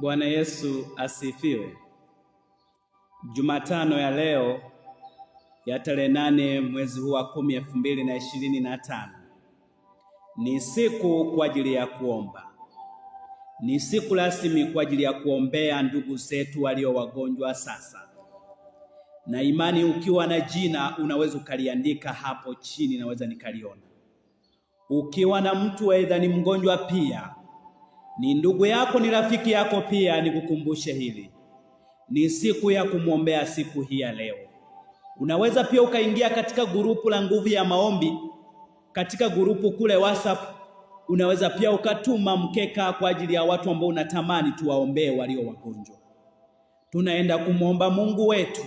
Bwana Yesu asifiwe. Jumatano ya leo ya tarehe nane mwezi huu wa kumi elfu mbili na ishirini na tano ni siku kwa ajili ya kuomba, ni siku rasmi kwa ajili ya kuombea ndugu zetu walio wagonjwa sasa, na imani, ukiwa na jina unaweza ukaliandika hapo chini, naweza nikaliona. Ukiwa na mtu aidha ni mgonjwa pia ni ndugu yako, ni rafiki yako pia, nikukumbushe hili. Ni siku ya kumwombea siku hii ya leo. Unaweza pia ukaingia katika gurupu la nguvu ya maombi, katika gurupu kule WhatsApp. Unaweza pia ukatuma mkeka kwa ajili ya watu ambao unatamani tuwaombee walio wagonjwa. Tunaenda kumwomba Mungu wetu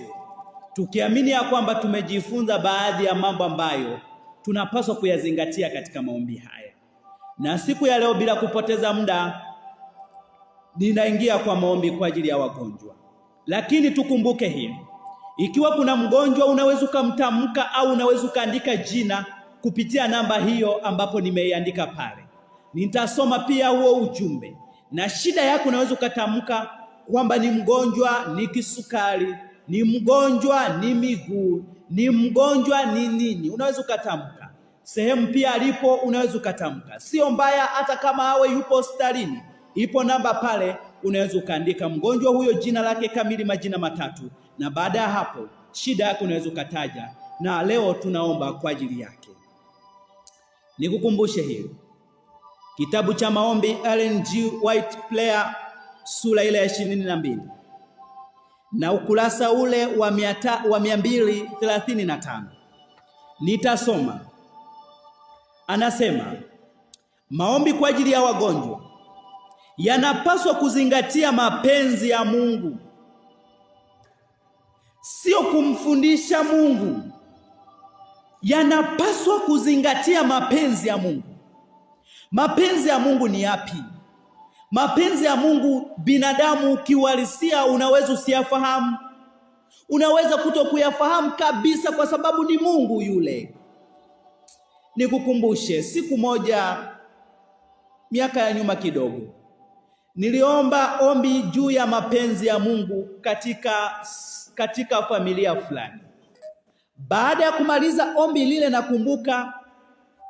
tukiamini ya kwamba tumejifunza baadhi ya mambo ambayo tunapaswa kuyazingatia katika maombi haya. Na siku ya leo bila kupoteza muda, ninaingia kwa maombi kwa ajili ya wagonjwa. Lakini tukumbuke hili, ikiwa kuna mgonjwa unaweza ukamtamka au unaweza ukaandika jina kupitia namba hiyo ambapo nimeiandika pale. Nitasoma pia huo ujumbe, na shida yako unaweza ukatamka kwamba ni mgonjwa ni kisukari, ni mgonjwa ni miguu, ni mgonjwa ni nini, unaweza ukatamka sehemu pia alipo unaweza ukatamka, sio mbaya hata kama awe yupo hospitalini, ipo namba pale, unaweza ukaandika mgonjwa huyo jina lake kamili, majina matatu, na baada ya hapo shida yake unaweza ukataja, na leo tunaomba kwa ajili yake. Nikukumbushe hili kitabu cha maombi Ellen G. White Player sura ile ya ishirini na mbili na ukurasa ule wa mia mbili thelathini na tano nitasoma anasema maombi kwa ajili ya wagonjwa yanapaswa kuzingatia mapenzi ya Mungu, sio kumfundisha Mungu. Yanapaswa kuzingatia mapenzi ya Mungu. Mapenzi ya Mungu ni yapi? Mapenzi ya Mungu binadamu kiuhalisia unaweza usiyafahamu, unaweza kuto kuyafahamu kabisa, kwa sababu ni Mungu yule Nikukumbushe, siku moja miaka ya nyuma kidogo, niliomba ombi juu ya mapenzi ya Mungu katika, katika familia fulani. Baada ya kumaliza ombi lile, nakumbuka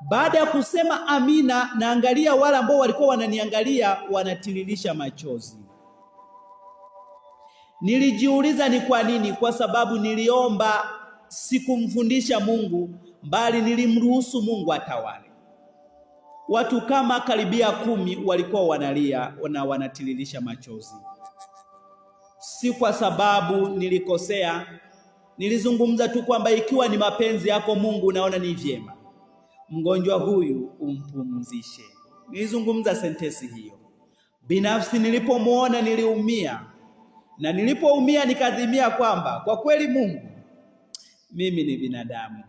baada ya kusema amina, naangalia wale ambao walikuwa wananiangalia wanatililisha machozi. Nilijiuliza ni kwa nini? Kwa sababu niliomba, sikumfundisha Mungu bali nilimruhusu Mungu atawale. Watu kama karibia kumi walikuwa wanalia na wanatililisha machozi, si kwa sababu nilikosea. Nilizungumza tu kwamba ikiwa ni mapenzi yako Mungu, unaona ni vyema mgonjwa huyu umpumzishe. Nilizungumza sentensi hiyo. Binafsi nilipomwona niliumia, na nilipoumia nikadhimia kwamba kwa kweli Mungu, mimi ni binadamu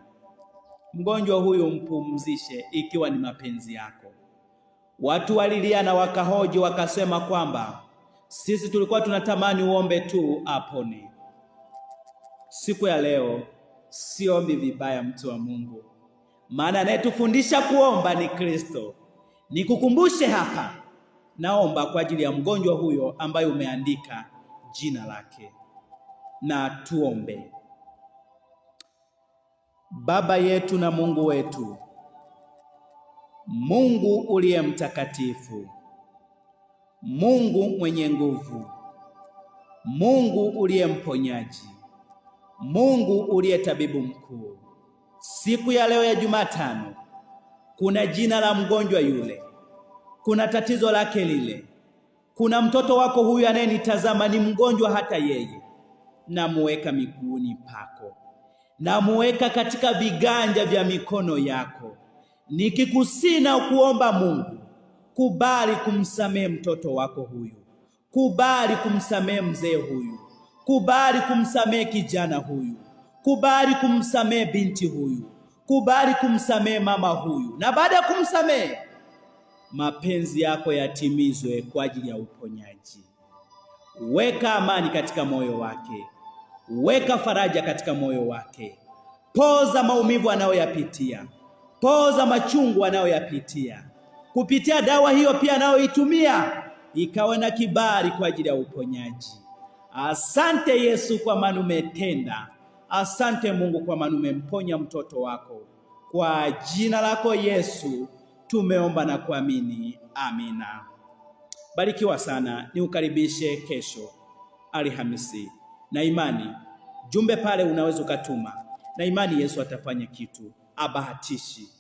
mgonjwa huyu mpumzishe, ikiwa ni mapenzi yako. Watu walilia na wakahoji, wakasema kwamba sisi tulikuwa tunatamani uombe tu apone. Siku ya leo siombi vibaya, mtu wa Mungu, maana anayetufundisha kuomba ni Kristo. Nikukumbushe hapa, naomba kwa ajili ya mgonjwa huyo ambaye umeandika jina lake, na tuombe. Baba yetu na Mungu wetu, Mungu uliye mtakatifu, Mungu mwenye nguvu, Mungu uliye mponyaji, Mungu uliye tabibu mkuu, siku ya leo ya Jumatano kuna jina la mgonjwa yule, kuna tatizo lake lile, kuna mtoto wako huyu anayenitazama, ni mgonjwa hata yeye, namuweka miguuni pako namuweka katika viganja vya mikono yako, nikikusii na kuomba Mungu, kubali kumsamehe mtoto wako huyu, kubali kumsamehe mzee huyu, kubali kumsamehe kijana huyu, kubali kumsamehe binti huyu, kubali kumsamehe mama huyu, na baada ya kumsamehe mapenzi yako yatimizwe kwa ajili ya uponyaji. Weka amani katika moyo wake weka faraja katika moyo wake, poza maumivu anayoyapitia, poza machungu anayoyapitia. Kupitia dawa hiyo pia anayoitumia ikawa na kibali kwa ajili ya uponyaji. Asante Yesu, kwa maana umetenda. Asante Mungu, kwa maana umemponya mtoto wako. Kwa jina lako Yesu tumeomba na kuamini, amina. Barikiwa sana, niukaribishe kesho Alhamisi na imani. Jumbe pale unaweza ukatuma na imani, Yesu atafanya kitu, abahatishi.